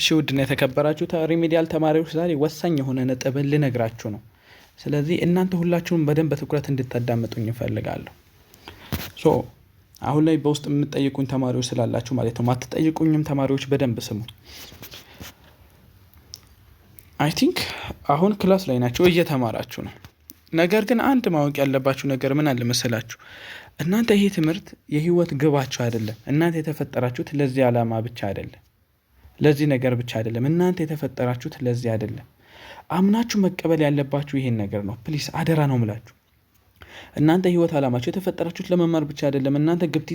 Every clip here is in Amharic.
እሺ ውድና የተከበራችሁ ሪሚዲያል ተማሪዎች ዛሬ ወሳኝ የሆነ ነጥብን ልነግራችሁ ነው። ስለዚህ እናንተ ሁላችሁም በደንብ በትኩረት እንድታዳምጡኝ እፈልጋለሁ። ሶ አሁን ላይ በውስጥ የምትጠይቁኝ ተማሪዎች ስላላችሁ ማለት ነው። ማትጠይቁኝም ተማሪዎች በደንብ ስሙ። አይ ቲንክ አሁን ክላስ ላይ ናቸው እየተማራችሁ ነው። ነገር ግን አንድ ማወቅ ያለባችሁ ነገር ምን አለ መሰላችሁ? እናንተ ይሄ ትምህርት የህይወት ግባችሁ አይደለም። እናንተ የተፈጠራችሁት ለዚህ ዓላማ ብቻ አይደለም ለዚህ ነገር ብቻ አይደለም። እናንተ የተፈጠራችሁት ለዚህ አይደለም። አምናችሁ መቀበል ያለባችሁ ይሄን ነገር ነው። ፕሊስ አደራ ነው ምላችሁ። እናንተ ህይወት አላማችሁ የተፈጠራችሁት ለመማር ብቻ አይደለም። እናንተ ግብቲ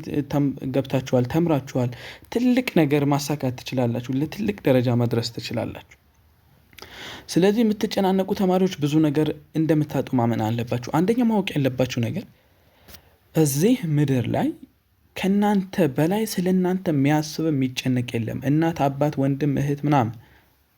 ገብታችኋል፣ ተምራችኋል፣ ትልቅ ነገር ማሳካት ትችላላችሁ፣ ለትልቅ ደረጃ መድረስ ትችላላችሁ። ስለዚህ የምትጨናነቁ ተማሪዎች ብዙ ነገር እንደምታጡ ማመን አለባችሁ። አንደኛ ማወቅ ያለባችሁ ነገር እዚህ ምድር ላይ ከእናንተ በላይ ስለ እናንተ የሚያስብ የሚጨነቅ የለም። እናት፣ አባት፣ ወንድም፣ እህት ምናምን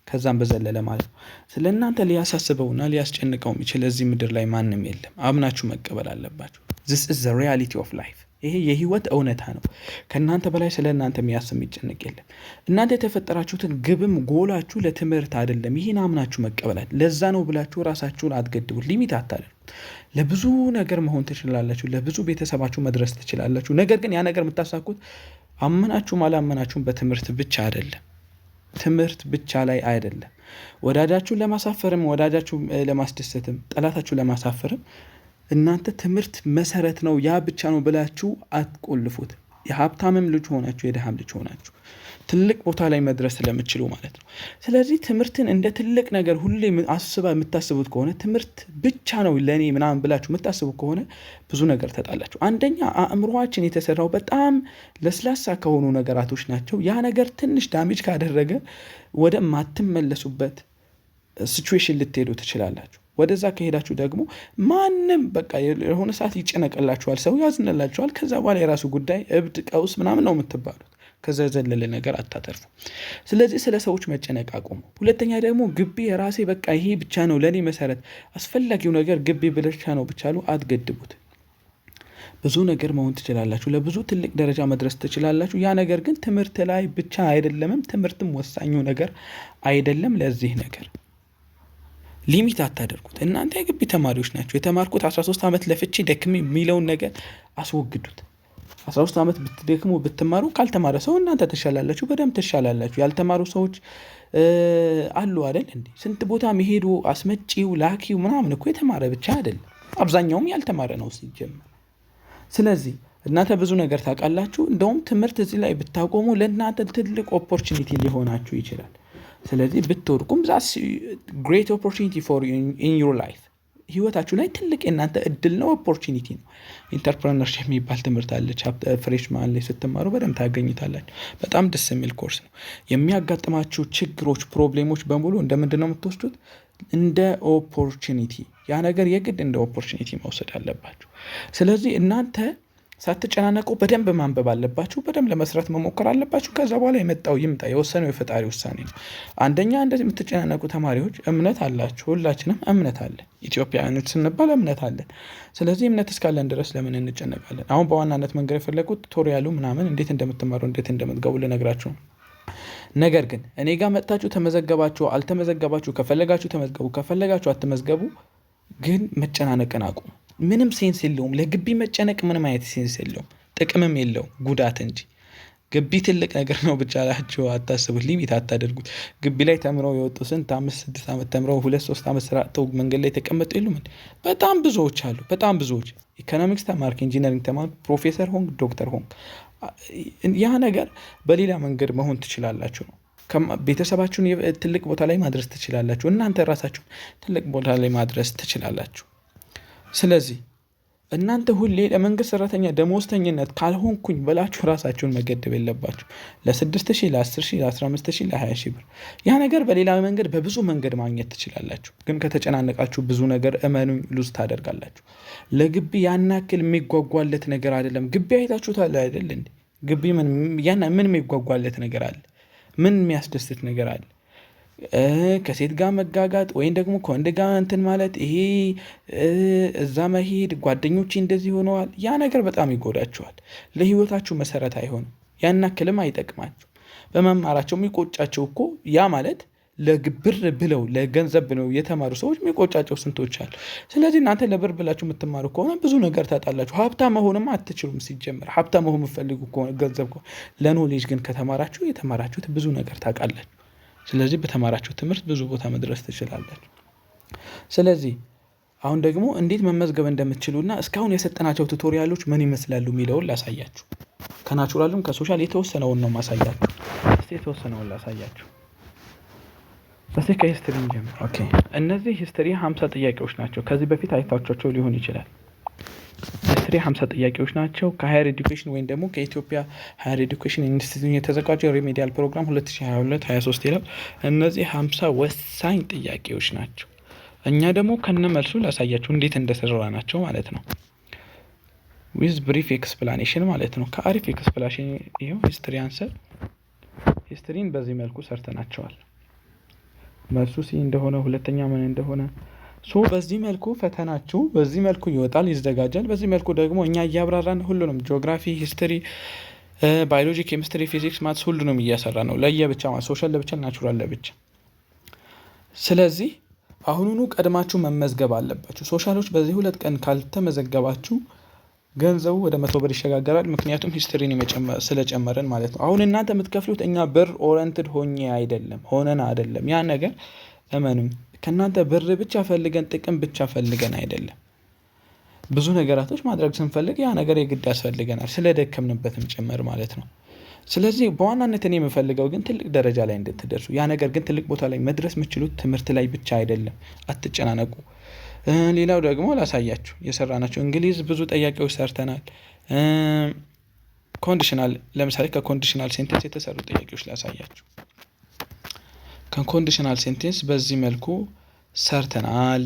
ከዛም በዘለለ ማለት ነው። ስለ እናንተ ሊያሳስበውና ሊያስጨንቀው የሚችል እዚህ ምድር ላይ ማንም የለም። አምናችሁ መቀበል አለባችሁ። ዚስ ኢዝ ዘ ሪያሊቲ ኦፍ ላይፍ ይሄ የህይወት እውነታ ነው። ከእናንተ በላይ ስለ እናንተ የሚያስብ የሚጨነቅ የለም። እናንተ የተፈጠራችሁትን ግብም ጎላችሁ ለትምህርት አይደለም። ይህን አምናችሁ መቀበላል። ለዛ ነው ብላችሁ ራሳችሁን አትገድቡ፣ ሊሚት አታደርጉ። ለብዙ ነገር መሆን ትችላላችሁ፣ ለብዙ ቤተሰባችሁ መድረስ ትችላላችሁ። ነገር ግን ያ ነገር የምታሳኩት አመናችሁም አላመናችሁም በትምህርት ብቻ አይደለም። ትምህርት ብቻ ላይ አይደለም። ወዳጃችሁን ለማሳፈርም፣ ወዳጃችሁ ለማስደሰትም፣ ጠላታችሁ ለማሳፈርም እናንተ ትምህርት መሰረት ነው፣ ያ ብቻ ነው ብላችሁ አትቆልፉት። የሀብታምም ልጅ ሆናችሁ የድሃም ልጅ ሆናችሁ ትልቅ ቦታ ላይ መድረስ ስለምችሉ ማለት ነው። ስለዚህ ትምህርትን እንደ ትልቅ ነገር ሁሌ አስባ የምታስቡት ከሆነ ትምህርት ብቻ ነው ለእኔ ምናምን ብላችሁ የምታስቡ ከሆነ ብዙ ነገር ተጣላችሁ። አንደኛ አእምሮችን የተሰራው በጣም ለስላሳ ከሆኑ ነገራቶች ናቸው። ያ ነገር ትንሽ ዳሜጅ ካደረገ ወደ ማትመለሱበት ሲዌሽን ልትሄዱ ትችላላችሁ። ወደዛ ከሄዳችሁ ደግሞ ማንም በቃ የሆነ ሰዓት ይጨነቅላችኋል፣ ሰው ያዝንላችኋል። ከዛ በኋላ የራሱ ጉዳይ እብድ፣ ቀውስ ምናምን ነው የምትባሉት። ከዛ ዘለለ ነገር አታተርፉ። ስለዚህ ስለ ሰዎች መጨነቅ አቁሙ። ሁለተኛ ደግሞ ግቢ የራሴ በቃ ይሄ ብቻ ነው ለእኔ መሰረት አስፈላጊው ነገር ግቢ ብቻ ነው ብቻሉ አትገድቡት። ብዙ ነገር መሆን ትችላላችሁ። ለብዙ ትልቅ ደረጃ መድረስ ትችላላችሁ። ያ ነገር ግን ትምህርት ላይ ብቻ አይደለምም። ትምህርትም ወሳኙ ነገር አይደለም ለዚህ ነገር ሊሚት አታደርጉት። እናንተ የግቢ ተማሪዎች ናቸው። የተማርኩት 13 ዓመት ለፍቼ ደክሜ የሚለውን ነገር አስወግዱት። 13 ዓመት ብትደክሙ ብትማሩ ካልተማረ ሰው እናንተ ትሻላላችሁ፣ በደንብ ትሻላላችሁ። ያልተማሩ ሰዎች አሉ አይደል እንዴ? ስንት ቦታ መሄዱ አስመጪው፣ ላኪው ምናምን እኮ የተማረ ብቻ አይደለም፣ አብዛኛውም ያልተማረ ነው ሲጀመር። ስለዚህ እናንተ ብዙ ነገር ታውቃላችሁ። እንደውም ትምህርት እዚህ ላይ ብታቆሙ ለእናንተ ትልቅ ኦፖርቹኒቲ ሊሆናችሁ ይችላል። ስለዚህ ብትወድቁም ዛስ ግሬት ኦፖርቹኒቲ ፎር ኢን ዩር ላይፍ ህይወታችሁ ላይ ትልቅ የእናንተ እድል ነው፣ ኦፖርቹኒቲ ነው። ኢንተርፕረነርሽፕ የሚባል ትምህርት አለ። ፍሬሽማን uh, ላይ ስትማሩ በደም ታገኝታላችሁ በጣም ደስ የሚል ኮርስ ነው። የሚያጋጥማችሁ ችግሮች፣ ፕሮብሌሞች በሙሉ እንደምንድ ነው የምትወስዱት? እንደ ኦፖርቹኒቲ። ያ ነገር የግድ እንደ ኦፖርቹኒቲ መውሰድ አለባችሁ። ስለዚህ እናንተ ሳትጨናነቁ በደንብ ማንበብ አለባችሁ። በደንብ ለመስራት መሞከር አለባችሁ። ከዛ በኋላ የመጣው ይምጣ። የወሰነው የፈጣሪ ውሳኔ ነው። አንደኛ እንደዚህ የምትጨናነቁ ተማሪዎች እምነት አላችሁ። ሁላችንም እምነት አለ። ኢትዮጵያውያኖች ስንባል እምነት አለ። ስለዚህ እምነት እስካለን ድረስ ለምን እንጨነቃለን? አሁን በዋናነት መንገድ የፈለጉት ቱቶሪያሉ ምናምን እንዴት እንደምትማሩ እንዴት እንደምትገቡ ልነግራችሁ ነው። ነገር ግን እኔ ጋር መጥታችሁ ተመዘገባችሁ አልተመዘገባችሁ፣ ከፈለጋችሁ ተመዝገቡ፣ ከፈለጋችሁ አትመዝገቡ፣ ግን መጨናነቅን አቁሙ። ምንም ሴንስ የለውም። ለግቢ መጨነቅ ምንም አይነት ሴንስ የለውም። ጥቅምም የለውም ጉዳት እንጂ። ግቢ ትልቅ ነገር ነው ብቻ ላቸው አታስቡት፣ ሊሚት አታደርጉት። ግቢ ላይ ተምረው የወጡ ስንት አምስት ስድስት ዓመት ተምረው ሁለት ሶስት ዓመት ስራ አጥተው መንገድ ላይ የተቀመጡ የሉም። በጣም ብዙዎች አሉ፣ በጣም ብዙዎች። ኢኮኖሚክስ ተማርክ፣ ኢንጂነሪንግ ተማርክ፣ ፕሮፌሰር ሆንግ ዶክተር ሆንግ ያ ነገር በሌላ መንገድ መሆን ትችላላችሁ ነው ቤተሰባችሁን ትልቅ ቦታ ላይ ማድረስ ትችላላችሁ። እናንተ ራሳችሁን ትልቅ ቦታ ላይ ማድረስ ትችላላችሁ። ስለዚህ እናንተ ሁሌ ለመንግስት ሰራተኛ ደሞዝተኝነት ካልሆንኩኝ ብላችሁ ራሳችሁን መገደብ የለባችሁ። ለ6 ለ ለ10 ለ ለ15 ለ ለ20 ብር ያ ነገር በሌላ መንገድ በብዙ መንገድ ማግኘት ትችላላችሁ። ግን ከተጨናነቃችሁ ብዙ ነገር እመኑኝ ሉዝ ታደርጋላችሁ። ለግቢ ያን ያክል የሚጓጓለት ነገር አይደለም። ግቢ አይታችሁታል አይደል? ግቢ ምን የሚጓጓለት ነገር አለ? ምን የሚያስደስት ነገር አለ? ከሴት ጋር መጋጋጥ ወይም ደግሞ ከወንድ ጋር እንትን ማለት ይሄ እዛ መሄድ ጓደኞቼ እንደዚህ ሆነዋል፣ ያ ነገር በጣም ይጎዳቸዋል። ለህይወታችሁ መሰረት አይሆንም፣ ያና ክልም አይጠቅማችሁም። በመማራቸው የሚቆጫቸው እኮ ያ ማለት ለብር ብለው ለገንዘብ ብለው የተማሩ ሰዎች የሚቆጫቸው ስንቶች አሉ። ስለዚህ እናንተ ለብር ብላችሁ የምትማሩ ከሆነ ብዙ ነገር ታጣላችሁ። ሀብታ መሆንም አትችሉም። ሲጀመር ሀብታ መሆን የምትፈልጉ ከሆነ ገንዘብ ለኖሌጅ ግን ከተማራችሁ የተማራችሁት ብዙ ነገር ታውቃላችሁ። ስለዚህ በተማራችሁ ትምህርት ብዙ ቦታ መድረስ ትችላለች። ስለዚህ አሁን ደግሞ እንዴት መመዝገብ እንደምትችሉና እስካሁን የሰጠናቸው ቱቶሪያሎች ምን ይመስላሉ የሚለውን ላሳያችሁ። ከናቹራልም ከሶሻል የተወሰነውን ነው ማሳያችሁ። የተወሰነውን ላሳያችሁ። እስቲ ከሂስትሪ እንጀምር። ኦኬ እነዚህ ሂስትሪ ሀምሳ ጥያቄዎች ናቸው። ከዚህ በፊት አይታቻቸው ሊሆን ይችላል። አስሬ 50 ጥያቄዎች ናቸው ከሀየር ኤዱኬሽን ወይም ደግሞ ከኢትዮጵያ ሀየር ኤዱኬሽን ኢንስቲትዩት የተዘጋጀው ሪሜዲያል ፕሮግራም 2022/23 ይላል። እነዚህ ሀምሳ ወሳኝ ጥያቄዎች ናቸው። እኛ ደግሞ ከነ መልሱ ላሳያቸው እንዴት እንደሰራ ናቸው ማለት ነው። ዊዝ ብሪፍ ኤክስፕላኔሽን ማለት ነው። ከአሪፍ ኤክስፕላኔሽን ይኸው ሂስትሪ አንሰር ሂስትሪን በዚህ መልኩ ሰርተናቸዋል። መልሱ ሲ እንደሆነ ሁለተኛ ምን እንደሆነ ሶ በዚህ መልኩ ፈተናችሁ በዚህ መልኩ ይወጣል፣ ይዘጋጃል። በዚህ መልኩ ደግሞ እኛ እያብራራን ሁሉንም ጂኦግራፊ፣ ሂስትሪ፣ ባዮሎጂ፣ ኬሚስትሪ፣ ፊዚክስ፣ ማትስ ሁሉንም እያሰራ ነው ለየብቻ ማለት ሶሻል ለብቻ፣ ናቹራል ለብቻ። ስለዚህ አሁኑኑ ቀድማችሁ መመዝገብ አለባችሁ። ሶሻሎች በዚህ ሁለት ቀን ካልተመዘገባችሁ ገንዘቡ ወደ መቶ ብር ይሸጋገራል። ምክንያቱም ሂስትሪን ስለጨመረን ማለት ነው። አሁን እናንተ የምትከፍሉት እኛ ብር ኦረንትድ ሆኜ አይደለም ሆነን አይደለም ያ ነገር እመኑኝ ከእናንተ ብር ብቻ ፈልገን ጥቅም ብቻ ፈልገን አይደለም። ብዙ ነገራቶች ማድረግ ስንፈልግ ያ ነገር የግድ ያስፈልገናል፣ ስለደከምንበትም ጭምር ማለት ነው። ስለዚህ በዋናነት እኔ የምፈልገው ግን ትልቅ ደረጃ ላይ እንድትደርሱ፣ ያ ነገር ግን ትልቅ ቦታ ላይ መድረስ የምችሉት ትምህርት ላይ ብቻ አይደለም። አትጨናነቁ። ሌላው ደግሞ ላሳያችሁ የሰራ ናቸው። እንግሊዝ ብዙ ጥያቄዎች ሰርተናል። ኮንዲሽናል ለምሳሌ ከኮንዲሽናል ሴንተንስ የተሰሩ ጥያቄዎች ላሳያችሁ። ከኮንዲሽናል ሴንቴንስ በዚህ መልኩ ሰርተናል።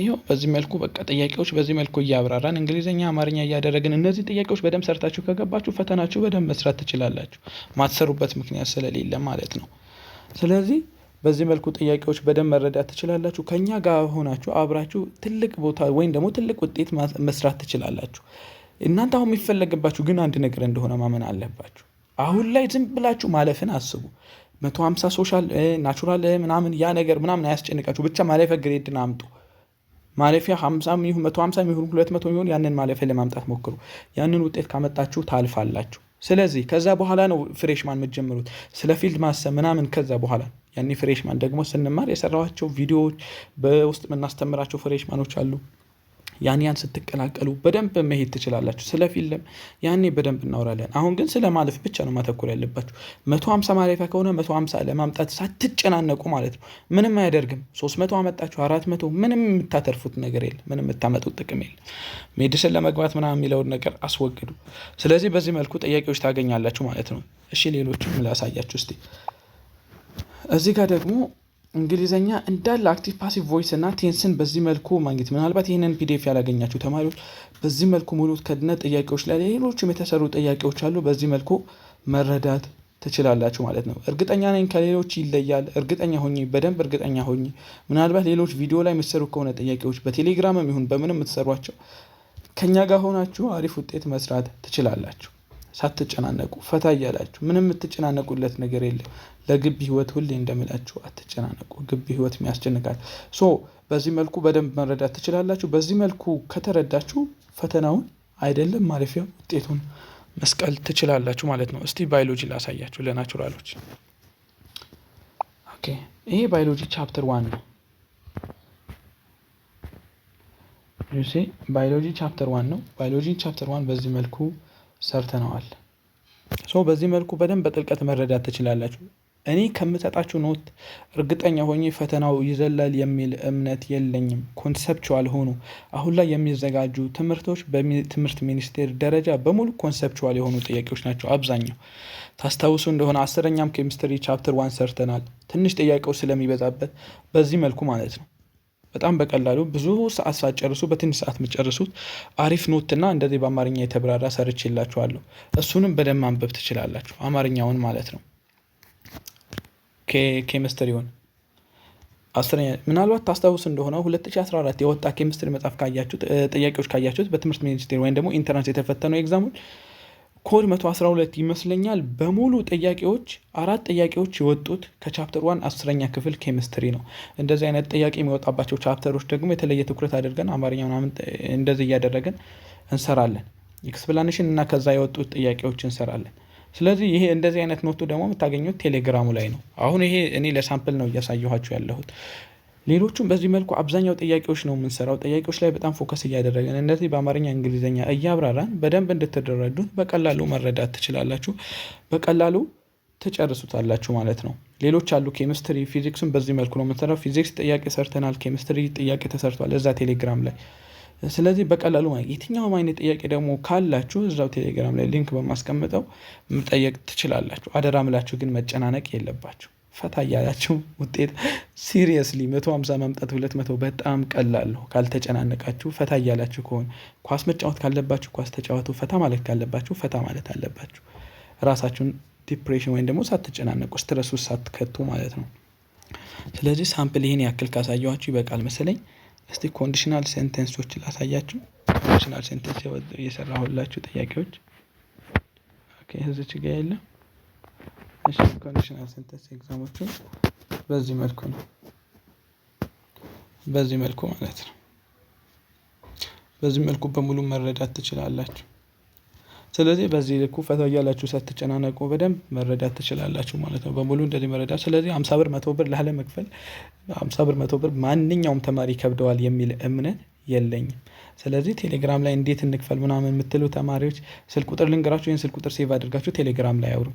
ይኸው በዚህ መልኩ በቃ ጥያቄዎች በዚህ መልኩ እያብራራን እንግሊዝኛ፣ አማርኛ እያደረግን እነዚህ ጥያቄዎች በደንብ ሰርታችሁ ከገባችሁ ፈተናችሁ በደንብ መስራት ትችላላችሁ። ማትሰሩበት ምክንያት ስለሌለ ማለት ነው። ስለዚህ በዚህ መልኩ ጥያቄዎች በደንብ መረዳት ትችላላችሁ። ከኛ ጋር ሆናችሁ አብራችሁ ትልቅ ቦታ ወይም ደግሞ ትልቅ ውጤት መስራት ትችላላችሁ። እናንተ አሁን የሚፈለግባችሁ ግን አንድ ነገር እንደሆነ ማመን አለባችሁ። አሁን ላይ ዝም ብላችሁ ማለፍን አስቡ። መቶ ሀምሳ ሶሻል ናቹራል ምናምን ያ ነገር ምናምን አያስጨንቃችሁ። ብቻ ማለፊያ ግሬድን አምጡ። ማለፊያ ሀምሳ ይሁን መቶ ሀምሳ ሁለት መቶ ይሁን ያንን ማለፊያ ለማምጣት ሞክሩ። ያንን ውጤት ካመጣችሁ ታልፋላችሁ። ስለዚህ ከዛ በኋላ ነው ፍሬሽማን የምትጀምሩት ስለ ፊልድ ማሰብ ምናምን። ከዛ በኋላ ያኔ ፍሬሽማን ደግሞ ስንማር የሰራኋቸው ቪዲዮዎች በውስጥ የምናስተምራቸው ፍሬሽማኖች አሉ ያን ያን ስትቀላቀሉ በደንብ መሄድ ትችላላችሁ። ስለ ፊልም ያኔ በደንብ እናወራለን። አሁን ግን ስለ ማለፍ ብቻ ነው ማተኮር ያለባችሁ። መቶ ሀምሳ ማለፊያ ከሆነ መቶ ሀምሳ ለማምጣት ሳትጨናነቁ ማለት ነው። ምንም አያደርግም። ሶስት መቶ አመጣችሁ አራት መቶ ምንም የምታተርፉት ነገር የለ፣ ምንም የምታመጡት ጥቅም የለ። ሜዲስን ለመግባት ምናምን የሚለውን ነገር አስወግዱ። ስለዚህ በዚህ መልኩ ጥያቄዎች ታገኛላችሁ ማለት ነው። እሺ ሌሎችም ላሳያችሁ እስቲ እዚህ ጋር ደግሞ እንግሊዘኛ እንዳለ አክቲቭ ፓሲቭ ቮይስ እና ቴንስን በዚህ መልኩ ማግኘት ምናልባት ይህንን ፒዲኤፍ ያላገኛችሁ ተማሪዎች በዚህ መልኩ ሙሉት ከነ ጥያቄዎች ላይ ሌሎችም የተሰሩ ጥያቄዎች አሉ። በዚህ መልኩ መረዳት ትችላላችሁ ማለት ነው። እርግጠኛ ነኝ ከሌሎች ይለያል። እርግጠኛ ሆኝ በደንብ እርግጠኛ ሆኝ ምናልባት ሌሎች ቪዲዮ ላይ የምትሰሩ ከሆነ ጥያቄዎች በቴሌግራምም ይሁን በምንም የምትሰሯቸው ከእኛ ጋር ሆናችሁ አሪፍ ውጤት መስራት ትችላላችሁ። ሳትጨናነቁ ፈታ እያላችሁ ምንም የምትጨናነቁለት ነገር የለም። ለግቢ ህይወት ሁሌ እንደምላችሁ አትጨናነቁ። ግቢ ህይወት የሚያስጨንቃል። ሶ በዚህ መልኩ በደንብ መረዳት ትችላላችሁ። በዚህ መልኩ ከተረዳችሁ ፈተናውን አይደለም ማለፊያ ውጤቱን መስቀል ትችላላችሁ ማለት ነው። እስቲ ባዮሎጂ ላሳያችሁ ለናቹራሎች። ኦኬ ይሄ ባዮሎጂ ቻፕተር ዋን ነው። ባዮሎጂ ቻፕተር ዋን ነው። ባዮሎጂ ቻፕተር ዋን በዚህ መልኩ ሰርተነዋል። ሶ በዚህ መልኩ በደንብ በጥልቀት መረዳት ትችላላችሁ። እኔ ከምሰጣችሁ ኖት እርግጠኛ ሆኜ ፈተናው ይዘላል የሚል እምነት የለኝም። ኮንሰፕቹዋል ሆኑ አሁን ላይ የሚዘጋጁ ትምህርቶች በትምህርት ሚኒስቴር ደረጃ በሙሉ ኮንሰፕቹዋል የሆኑ ጥያቄዎች ናቸው። አብዛኛው ታስታውሱ እንደሆነ አስረኛም ኬሚስትሪ ቻፕተር ዋን ሰርተናል። ትንሽ ጥያቄዎች ስለሚበዛበት በዚህ መልኩ ማለት ነው። በጣም በቀላሉ ብዙ ሰዓት ሳትጨርሱ በትንሽ ሰዓት የምትጨርሱት አሪፍ ኖትና እንደዚህ በአማርኛ የተብራራ ሰርችላችኋለሁ። እሱንም በደንብ ማንበብ ትችላላችሁ፣ አማርኛውን ማለት ነው። ኬሚስትሪውን ሆን ምናልባት ታስታውስ እንደሆነ 2014 የወጣ ኬሚስትሪ መጽሐፍ ካያችሁት ጥያቄዎች ካያችሁት በትምህርት ሚኒስቴር ወይም ደግሞ ኢንተራንስ የተፈተነው ኤግዛሞች ኮድ 112 ይመስለኛል በሙሉ ጥያቄዎች አራት ጥያቄዎች የወጡት ከቻፕተር ዋን አስረኛ ክፍል ኬሚስትሪ ነው። እንደዚህ አይነት ጥያቄ የሚወጣባቸው ቻፕተሮች ደግሞ የተለየ ትኩረት አድርገን አማርኛ ምናምን እንደዚህ እያደረገን እንሰራለን። ኤክስፕላኔሽን እና ከዛ የወጡት ጥያቄዎች እንሰራለን። ስለዚህ ይሄ እንደዚህ አይነት ኖቱ ደግሞ የምታገኙት ቴሌግራሙ ላይ ነው። አሁን ይሄ እኔ ለሳምፕል ነው እያሳየኋችሁ ያለሁት። ሌሎቹም በዚህ መልኩ አብዛኛው ጥያቄዎች ነው የምንሰራው። ጥያቄዎች ላይ በጣም ፎከስ እያደረገን እነዚህ በአማርኛ እንግሊዝኛ እያብራራን በደንብ እንድትደረዱን በቀላሉ መረዳት ትችላላችሁ። በቀላሉ ትጨርሱታላችሁ ማለት ነው። ሌሎች አሉ። ኬሚስትሪ፣ ፊዚክስም በዚህ መልኩ ነው የምንሰራው። ፊዚክስ ጥያቄ ሰርተናል። ኬሚስትሪ ጥያቄ ተሰርቷል እዛ ቴሌግራም ላይ። ስለዚህ በቀላሉ የትኛውም አይነት ጥያቄ ደግሞ ካላችሁ እዛው ቴሌግራም ላይ ሊንክ በማስቀምጠው መጠየቅ ትችላላችሁ። አደራ ምላችሁ ግን መጨናነቅ የለባችሁ። ፈታ እያላቸው ውጤት ሲሪየስሊ መቶ ሀምሳ ማምጣት ሁለት መቶ በጣም ቀላል ነው። ካልተጨናነቃችሁ ፈታ እያላችሁ ከሆነ ኳስ መጫወት ካለባችሁ ኳስ ተጫወቱ። ፈታ ማለት ካለባችሁ ፈታ ማለት አለባችሁ። ራሳችሁን ዲፕሬሽን ወይም ደግሞ ሳትጨናነቁ ስትረሱ ሳትከቱ ማለት ነው። ስለዚህ ሳምፕል ይህን ያክል ካሳየኋችሁ ይበቃል መሰለኝ። እስቲ ኮንዲሽናል ሴንተንሶች ላሳያችሁ። ኮንዲሽናል ሴንተንስ የሰራሁላችሁ ጥያቄዎች እዚች ጋ የለም ኮንዲሽናል ሴንተንስ ኤግዛሞችን በዚህ መልኩ ነው በዚህ መልኩ ማለት ነው። በዚህ መልኩ በሙሉ መረዳት ትችላላችሁ። ስለዚህ በዚህ ልኩ ፈታ እያላችሁ ሳትጨናነቁ በደንብ መረዳት ትችላላችሁ ማለት ነው። በሙሉ እንደዚህ መረዳት። ስለዚህ ሀምሳ ብር መቶ ብር ላለመክፈል ሀምሳ ብር መቶ ብር ማንኛውም ተማሪ ከብደዋል የሚል እምነት የለኝም። ስለዚህ ቴሌግራም ላይ እንዴት እንክፈል ምናምን የምትሉ ተማሪዎች ስልክ ቁጥር ልንገራችሁ። ይህን ስልክ ቁጥር ሴቭ አድርጋችሁ ቴሌግራም ላይ አውሩ።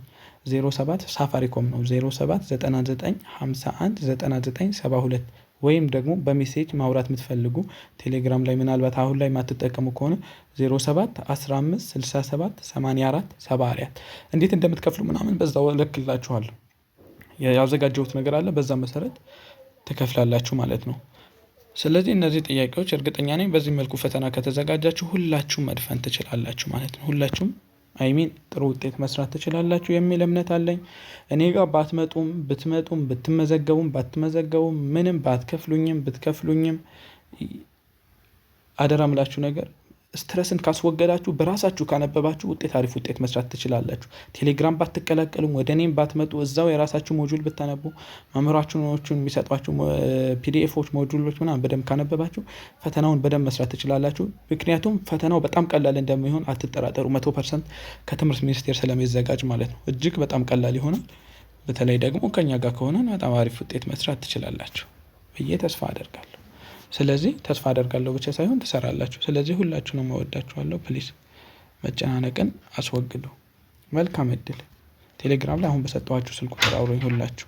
07 ሳፋሪኮም ነው 0799519972 ወይም ደግሞ በሜሴጅ ማውራት የምትፈልጉ ቴሌግራም ላይ ምናልባት አሁን ላይ ማትጠቀሙ ከሆነ 07 1567 67 እንዴት እንደምትከፍሉ ምናምን በዛው እልክላችኋለሁ። ያዘጋጀሁት ነገር አለ። በዛ መሰረት ትከፍላላችሁ ማለት ነው። ስለዚህ እነዚህ ጥያቄዎች እርግጠኛ ነኝ በዚህ መልኩ ፈተና ከተዘጋጃችሁ ሁላችሁም መድፈን ትችላላችሁ ማለት ነው። ሁላችሁም አይሚን ጥሩ ውጤት መስራት ትችላላችሁ የሚል እምነት አለኝ። እኔ ጋር ባትመጡም ብትመጡም ብትመዘገቡም ባትመዘገቡም ምንም ባትከፍሉኝም ብትከፍሉኝም አደራ ምላችሁ ነገር ስትረስን ካስወገዳችሁ በራሳችሁ ካነበባችሁ ውጤት አሪፍ ውጤት መስራት ትችላላችሁ። ቴሌግራም ባትቀላቀሉም ወደ እኔም ባትመጡ እዛው የራሳችሁ ሞጁል ብታነቡ መምህራችሁን የሚሰጧችሁ ፒዲኤፎች፣ ሞጁሎች ምናምን በደንብ ካነበባችሁ ፈተናውን በደንብ መስራት ትችላላችሁ። ምክንያቱም ፈተናው በጣም ቀላል እንደሚሆን አትጠራጠሩ። መቶ ፐርሰንት ከትምህርት ሚኒስቴር ስለሚዘጋጅ ማለት ነው። እጅግ በጣም ቀላል ይሆናል። በተለይ ደግሞ ከኛ ጋር ከሆነ በጣም አሪፍ ውጤት መስራት ትችላላችሁ ብዬ ተስፋ አደርጋለሁ። ስለዚህ ተስፋ አደርጋለሁ ብቻ ሳይሆን ትሰራላችሁ። ስለዚህ ሁላችሁ ነው መወዳችኋለሁ ፕሊስ መጨናነቅን አስወግዱ። መልካም እድል። ቴሌግራም ላይ አሁን በሰጠኋችሁ ስልክ ቁጥር አውሩኝ ሁላችሁ።